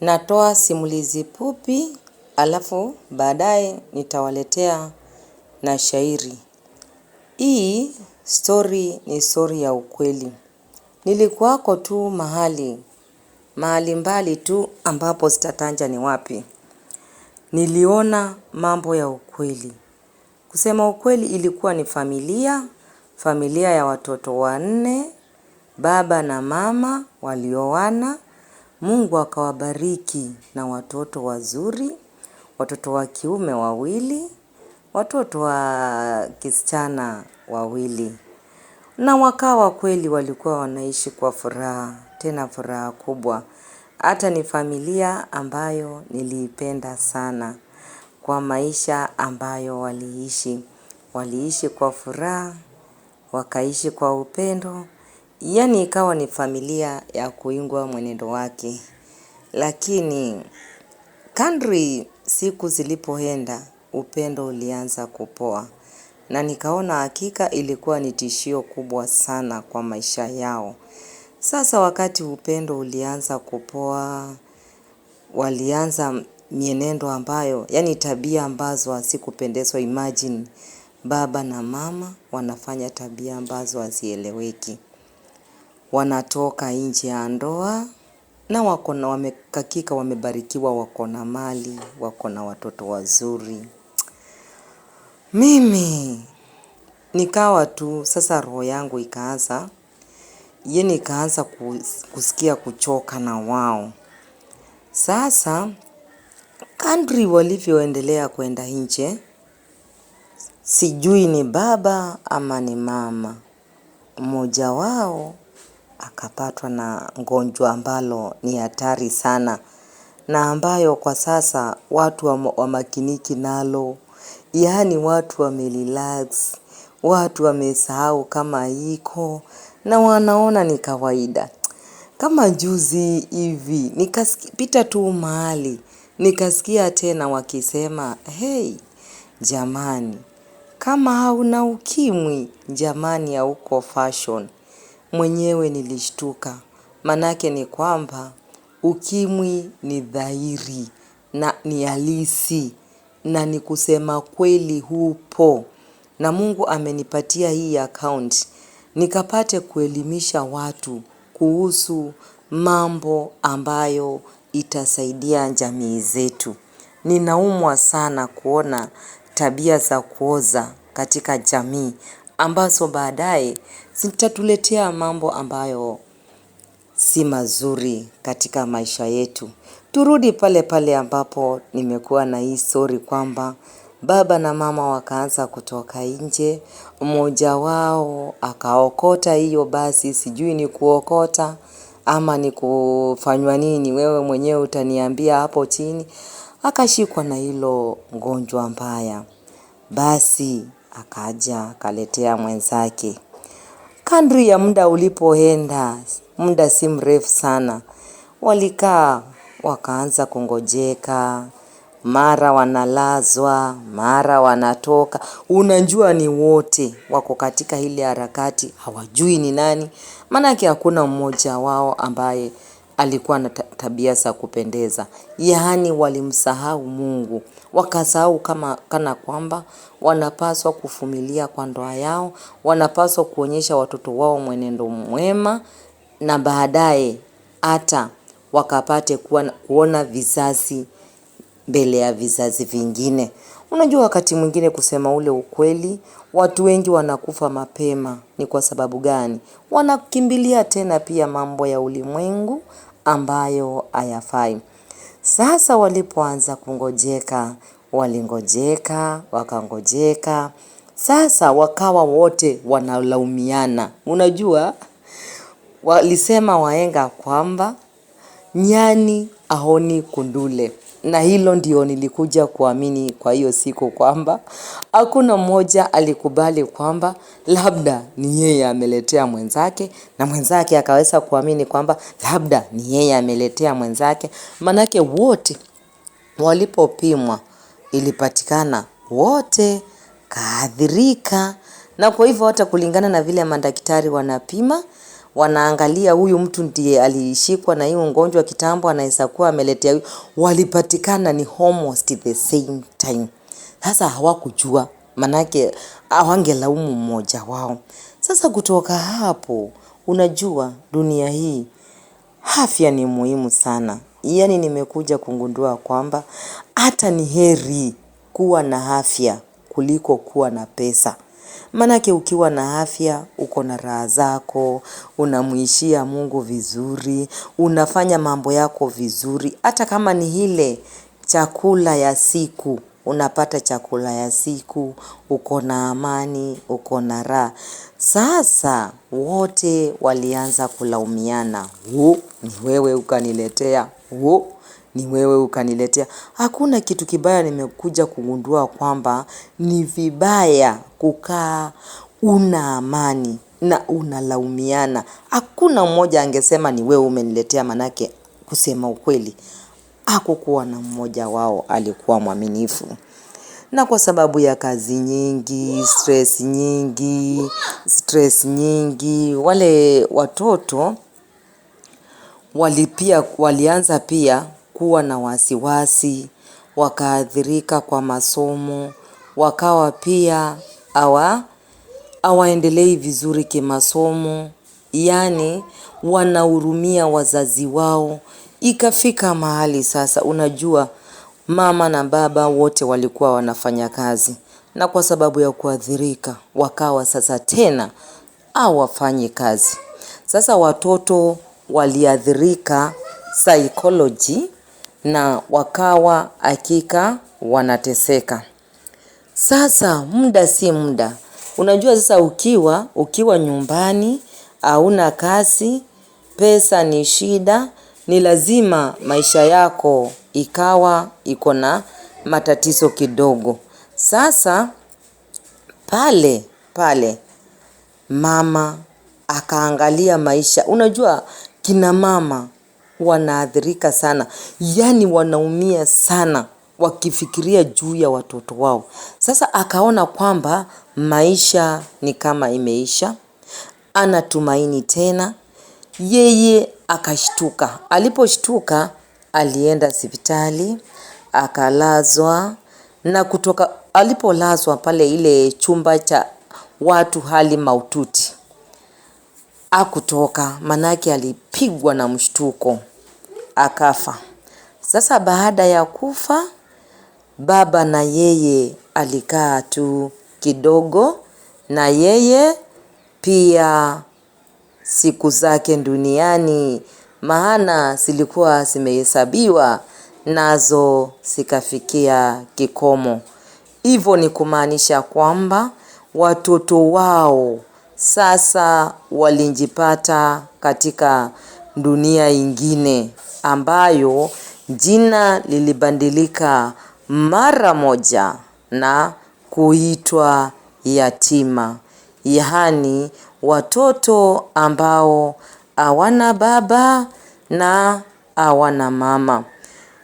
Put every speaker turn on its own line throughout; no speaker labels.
natoa simulizi fupi, alafu baadaye nitawaletea na shairi. Hii stori ni stori ya ukweli. Nilikuwako tu mahali mahali mbali tu, ambapo sitatanja ni wapi. Niliona mambo ya ukweli. Kusema ukweli, ilikuwa ni familia, familia ya watoto wanne, baba na mama walioana, Mungu akawabariki na watoto wazuri, watoto wa kiume wawili, watoto wa kisichana wawili. Na wakawa kweli walikuwa wanaishi kwa furaha, tena furaha kubwa. Hata ni familia ambayo niliipenda sana kwa maisha ambayo waliishi. Waliishi kwa furaha, wakaishi kwa upendo, yani ikawa ni familia ya kuingwa mwenendo wake. Lakini kandri siku zilipoenda upendo ulianza kupoa na nikaona hakika ilikuwa ni tishio kubwa sana kwa maisha yao. Sasa wakati upendo ulianza kupoa, walianza mienendo ambayo, yani tabia ambazo hazikupendezwa imagine baba na mama wanafanya tabia ambazo hazieleweki wanatoka nje ya ndoa na wako na wamekakika, wamebarikiwa, wako na mali, wako na watoto wazuri. Mimi nikawa tu sasa, roho yangu ikaanza ye, nikaanza kusikia kuchoka na wao. Sasa kadri walivyoendelea kwenda nje, sijui ni baba ama ni mama mmoja wao akapatwa na ngonjwa ambalo ni hatari sana na ambayo kwa sasa watu wamakiniki nalo, yaani watu wamerelax, watu wamesahau kama iko na wanaona ni kawaida. Kama juzi hivi nikapita tu mahali nikasikia tena wakisema hei, jamani, kama hauna ukimwi jamani, hauko fashion mwenyewe nilishtuka. Manake ni kwamba ukimwi ni dhahiri na ni halisi na ni kusema kweli hupo. Na Mungu amenipatia hii account nikapate kuelimisha watu kuhusu mambo ambayo itasaidia jamii zetu. Ninaumwa sana kuona tabia za kuoza katika jamii ambazo baadaye zitatuletea mambo ambayo si mazuri katika maisha yetu. Turudi pale pale ambapo nimekuwa na hii stori kwamba baba na mama wakaanza kutoka nje, mmoja wao akaokota hiyo basi, sijui ni kuokota ama ni kufanywa nini, wewe mwenyewe utaniambia hapo chini. Akashikwa na hilo ngonjwa mbaya, basi akaja akaletea mwenzake Kadri ya muda ulipoenda, muda si mrefu sana, walikaa wakaanza kungojeka, mara wanalazwa, mara wanatoka. Unajua ni wote wako katika ile harakati, hawajui ni nani, maanake hakuna mmoja wao ambaye alikuwa na tabia za kupendeza, yaani walimsahau Mungu, wakasahau kama kana kwamba wanapaswa kuvumilia kwa ndoa yao, wanapaswa kuonyesha watoto wao mwenendo mwema, na baadaye hata wakapate kuwa, kuona vizazi mbele ya vizazi vingine. Unajua, wakati mwingine kusema ule ukweli watu wengi wanakufa mapema. Ni kwa sababu gani? Wanakimbilia tena pia mambo ya ulimwengu ambayo hayafai. Sasa walipoanza kungojeka, walingojeka, wakangojeka. Sasa wakawa wote wanalaumiana. Unajua, walisema waenga kwamba nyani aoni kundule na hilo ndio nilikuja kuamini kwa hiyo siku kwamba hakuna mmoja alikubali kwamba labda ni yeye ameletea mwenzake, na mwenzake akaweza kuamini kwamba labda ni yeye ameletea mwenzake. Manake wote walipopimwa, ilipatikana wote kaadhirika, na kwa hivyo hata kulingana na vile madaktari wanapima wanaangalia huyu mtu ndiye alishikwa na hiyo ugonjwa kitambo, anaweza kuwa ameletea huyu. Walipatikana ni almost the same time. Sasa hawakujua, manake hawangelaumu mmoja wao. Sasa kutoka hapo, unajua dunia hii afya ni muhimu sana. Yani nimekuja kugundua kwamba hata ni heri kuwa na afya kuliko kuwa na pesa maanake ukiwa na afya, uko na raha zako, unamuishia mungu vizuri, unafanya mambo yako vizuri. Hata kama ni ile chakula ya siku, unapata chakula ya siku, uko na amani, uko na raha. Sasa wote walianza kulaumiana, huu ni wewe ukaniletea, huu ni wewe ukaniletea. Hakuna kitu kibaya nimekuja kugundua kwamba ni vibaya kukaa una amani na unalaumiana. Hakuna mmoja angesema ni wewe umeniletea manake kusema ukweli. Hakukuwa na mmoja wao alikuwa mwaminifu. Na kwa sababu ya kazi nyingi, stress nyingi, stress nyingi, wale watoto walipia walianza pia kuwa na wasiwasi, wakaathirika kwa masomo, wakawa pia awa hawaendelei vizuri kimasomo, yaani wanahurumia wazazi wao. Ikafika mahali sasa, unajua mama na baba wote walikuwa wanafanya kazi, na kwa sababu ya kuathirika wakawa sasa tena hawafanyi kazi. Sasa watoto waliathirika psychology na wakawa hakika wanateseka. Sasa muda si muda, unajua sasa, ukiwa ukiwa nyumbani hauna kazi, pesa ni shida, ni lazima maisha yako ikawa iko na matatizo kidogo. Sasa pale pale mama akaangalia maisha, unajua kina mama wanaathirika sana, yaani wanaumia sana wakifikiria juu ya watoto wao. Sasa akaona kwamba maisha ni kama imeisha, ana tumaini tena. Yeye akashtuka. Aliposhtuka alienda hospitali akalazwa, na kutoka alipolazwa pale ile chumba cha watu hali maututi, hakutoka, manake alipigwa na mshtuko akafa. Sasa baada ya kufa, baba na yeye alikaa tu kidogo, na yeye pia siku zake duniani, maana zilikuwa zimehesabiwa nazo zikafikia kikomo. Hivyo ni kumaanisha kwamba watoto wao sasa walijipata katika dunia ingine ambayo jina lilibadilika mara moja na kuitwa yatima, yaani watoto ambao hawana baba na hawana mama.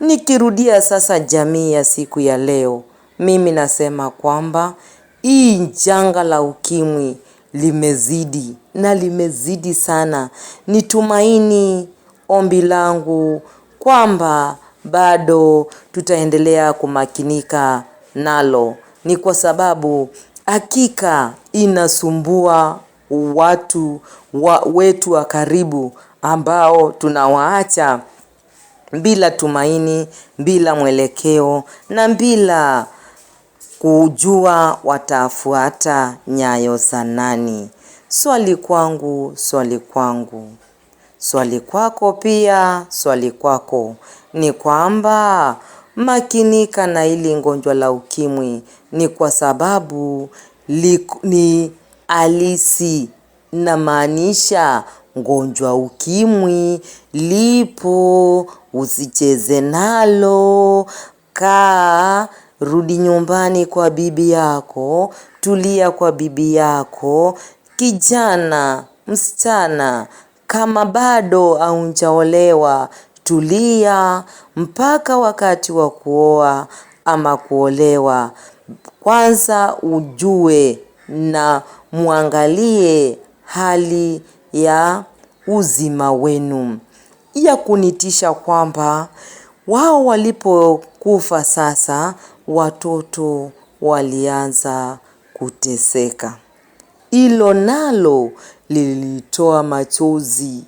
Nikirudia sasa jamii ya siku ya leo, mimi nasema kwamba hii janga la ukimwi limezidi na limezidi sana. Ni tumaini ombi langu kwamba bado tutaendelea kumakinika nalo, ni kwa sababu hakika inasumbua watu wa, wetu wa karibu ambao tunawaacha bila tumaini, bila mwelekeo na bila kujua watafuata nyayo za nani. Swali kwangu, swali kwangu, swali kwako pia, swali kwako ni kwamba makinika na hili ngonjwa la ukimwi, ni kwa sababu li, ni alisi na maanisha ngonjwa ukimwi lipo, usicheze nalo, kaa rudi nyumbani kwa bibi yako, tulia kwa bibi yako. Kijana msichana, kama bado haunjaolewa, tulia mpaka wakati wa kuoa ama kuolewa. Kwanza ujue na muangalie hali ya uzima wenu, ya kunitisha kwamba wao walipokufa sasa watoto walianza kuteseka. Hilo nalo lilitoa machozi,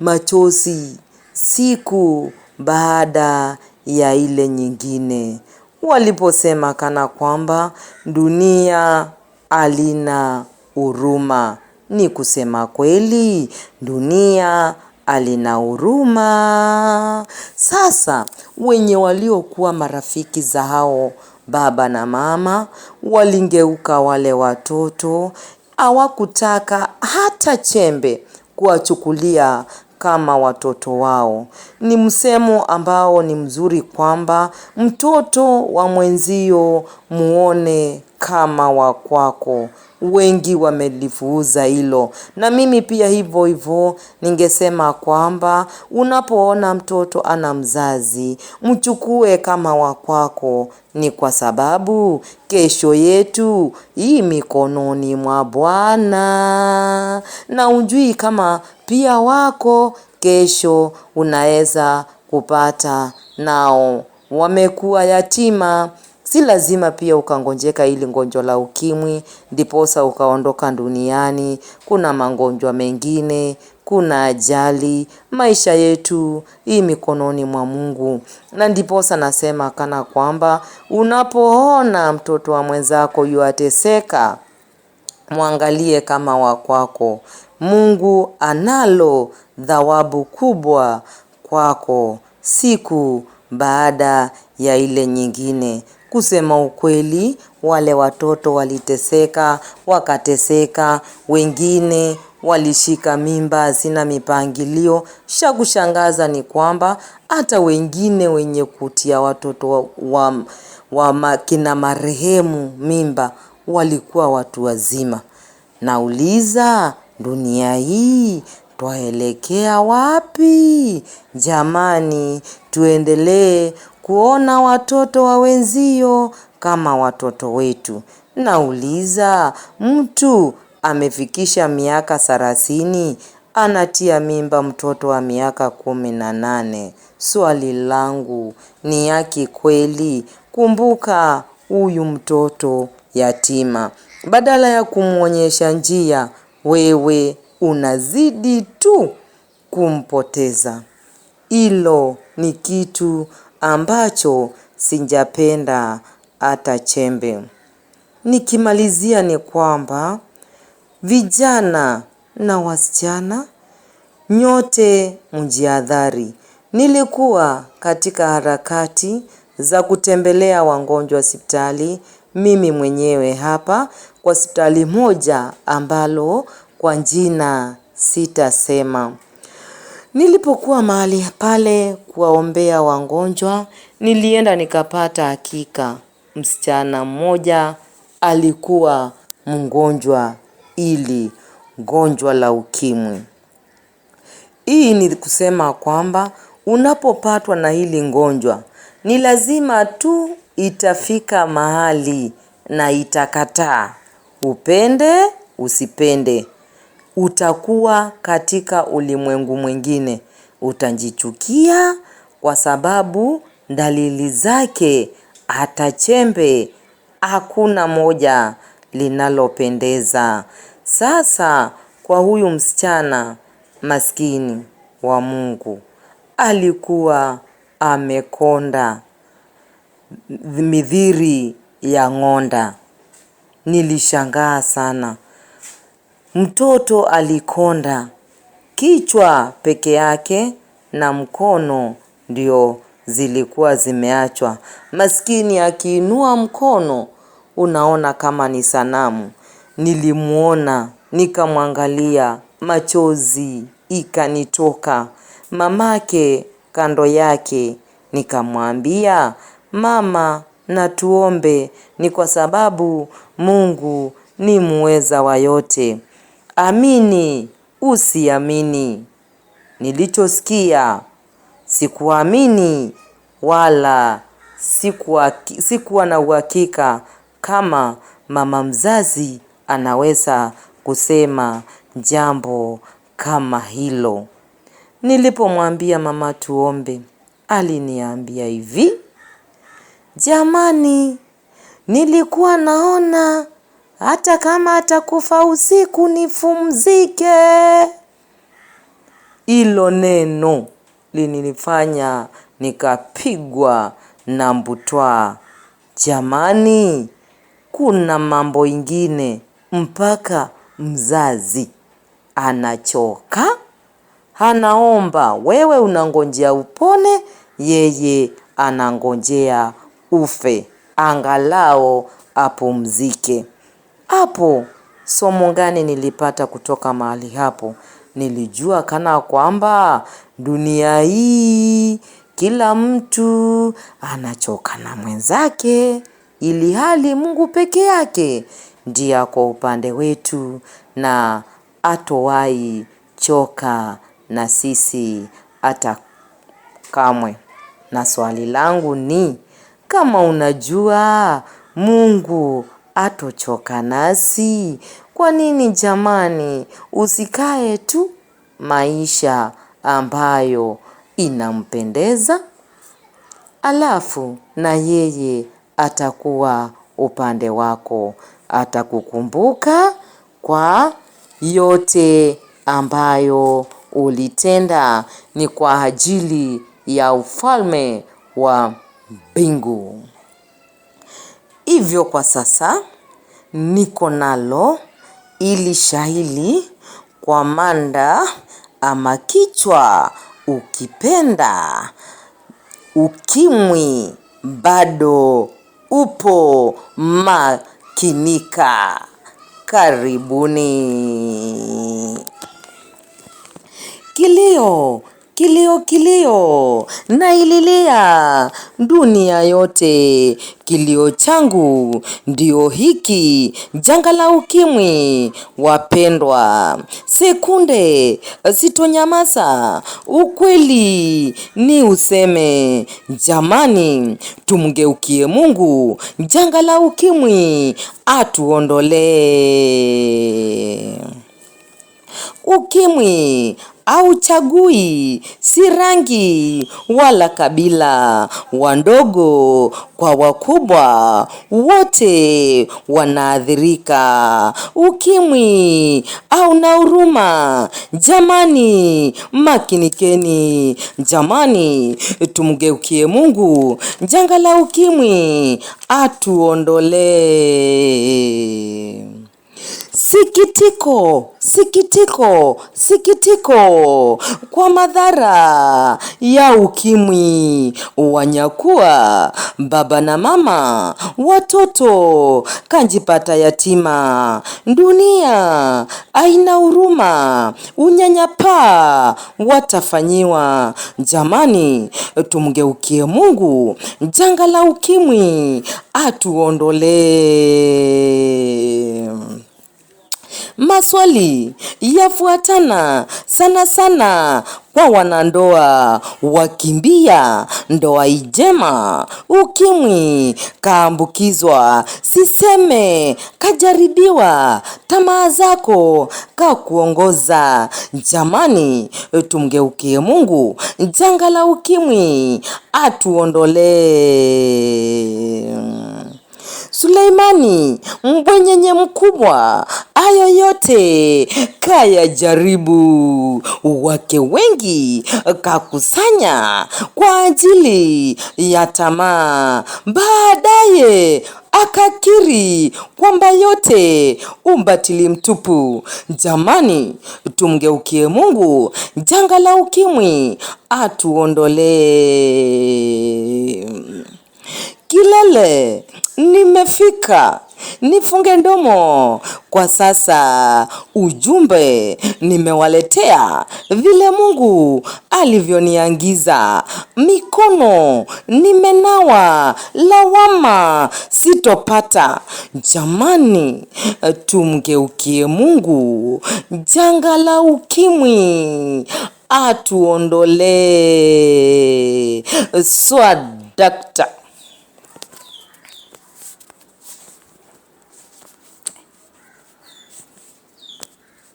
machozi siku baada ya ile nyingine, waliposema kana kwamba dunia halina huruma. Ni kusema kweli, dunia alina huruma. Sasa wenye waliokuwa marafiki za hao baba na mama walingeuka wale watoto, hawakutaka hata chembe kuwachukulia kama watoto wao. Ni msemo ambao ni mzuri kwamba mtoto wa mwenzio muone kama wa kwako wengi wamelifuuza hilo, na mimi pia hivyo hivyo. Ningesema kwamba unapoona mtoto ana mzazi, mchukue kama wa kwako, ni kwa sababu kesho yetu hii mikononi mwa Bwana, na ujui kama pia wako kesho unaweza kupata nao wamekuwa yatima. Si lazima pia ukangonjeka ili ngonjwa la ukimwi ndiposa ukaondoka duniani. Kuna magonjwa mengine, kuna ajali. Maisha yetu hii mikononi mwa Mungu, na ndiposa nasema kana kwamba unapoona mtoto wa mwenzako yuateseka, mwangalie kama wa kwako. Mungu analo dhawabu kubwa kwako siku baada ya ile nyingine. Kusema ukweli, wale watoto waliteseka, wakateseka, wengine walishika mimba zina mipangilio. Sha kushangaza ni kwamba hata wengine wenye kutia watoto wa, wa, wa kina marehemu mimba walikuwa watu wazima. Nauliza, dunia hii twaelekea wapi? Jamani, tuendelee kuona watoto wa wenzio kama watoto wetu. Nauliza, mtu amefikisha miaka thelathini anatia mimba mtoto wa miaka kumi na nane. Swali langu ni yaki kweli? Kumbuka huyu mtoto yatima, badala ya kumwonyesha njia, wewe unazidi tu kumpoteza. Hilo ni kitu ambacho sijapenda hata chembe. Nikimalizia ni kwamba vijana na wasichana nyote mjiadhari. Nilikuwa katika harakati za kutembelea wagonjwa hospitali, mimi mwenyewe hapa kwa hospitali moja ambalo kwa jina sitasema. Nilipokuwa mahali pale kuwaombea wagonjwa, nilienda nikapata hakika msichana mmoja alikuwa mgonjwa ili gonjwa la ukimwi. Hii ni kusema kwamba unapopatwa na hili gonjwa ni lazima tu itafika mahali na itakataa, upende usipende, utakuwa katika ulimwengu mwingine. Utajichukia kwa sababu dalili zake hata chembe hakuna moja linalopendeza. Sasa kwa huyu msichana maskini wa Mungu alikuwa amekonda midhiri ya ng'onda. Nilishangaa sana Mtoto alikonda, kichwa peke yake na mkono ndio zilikuwa zimeachwa. Maskini akiinua mkono, unaona kama ni sanamu. Nilimwona nikamwangalia, machozi ikanitoka. Mamake kando yake, nikamwambia mama, na tuombe, ni kwa sababu Mungu ni muweza wa yote amini usiamini, nilichosikia sikuamini, wala sikuwa, sikuwa na uhakika kama mama mzazi anaweza kusema jambo kama hilo. Nilipomwambia mama tuombe, aliniambia hivi, jamani, nilikuwa naona hata kama atakufa usiku nifumzike. Hilo neno linilifanya nikapigwa na mbutwaa. Jamani, kuna mambo ingine mpaka mzazi anachoka, anaomba, wewe unangonjea upone, yeye anangonjea ufe, angalao apumzike hapo. Somo gani nilipata kutoka mahali hapo? Nilijua kana kwamba dunia hii kila mtu anachoka na mwenzake, ili hali Mungu peke yake ndiye ako upande wetu na atowai choka na sisi hata kamwe. Na swali langu ni kama unajua Mungu atochoka nasi. Kwa nini jamani, usikae tu maisha ambayo inampendeza, alafu na yeye atakuwa upande wako, atakukumbuka kwa yote ambayo ulitenda, ni kwa ajili ya ufalme wa mbingu. Hivyo kwa sasa niko nalo ili shahili kwa manda ama kichwa ukipenda. Ukimwi bado upo makinika. Karibuni. Kilio Kilio kilio na ililia dunia yote, kilio changu ndio hiki, janga la ukimwi. Wapendwa, sekunde sitonyamaza, ukweli ni useme. Jamani, tumgeukie Mungu, janga la ukimwi atuondolee. Ukimwi chagui si rangi wala kabila, wandogo kwa wakubwa, wote wanaathirika. Ukimwi au na huruma, jamani makinikeni, jamani tumgeukie Mungu, janga la ukimwi atuondolee. Sikitiko, sikitiko, sikitiko kwa madhara ya ukimwi wanyakua baba na mama, watoto kanjipata yatima. Dunia aina huruma, unyanyapaa watafanyiwa. Jamani, tumgeukie Mungu, janga la ukimwi atuondolee. Maswali yafuatana sana sana kwa wanandoa: wakimbia, ndoa ijema, ukimwi, kaambukizwa, siseme, kajaribiwa, tamaa zako kakuongoza. Jamani, tumgeukie Mungu, janga la ukimwi atuondolee. Suleimani mbwenyenye mkubwa, ayo yote kaya jaribu, wake wengi kakusanya kwa ajili ya tamaa. Baadaye akakiri kwamba yote umbatili mtupu. Jamani, tumgeukie Mungu, janga la ukimwi atuondolee kilele, nimefika, nifunge ndomo kwa sasa. Ujumbe nimewaletea vile Mungu alivyoniangiza, mikono nimenawa, lawama sitopata. Jamani, tumgeukie Mungu, janga la ukimwi atuondolee. Swadakta.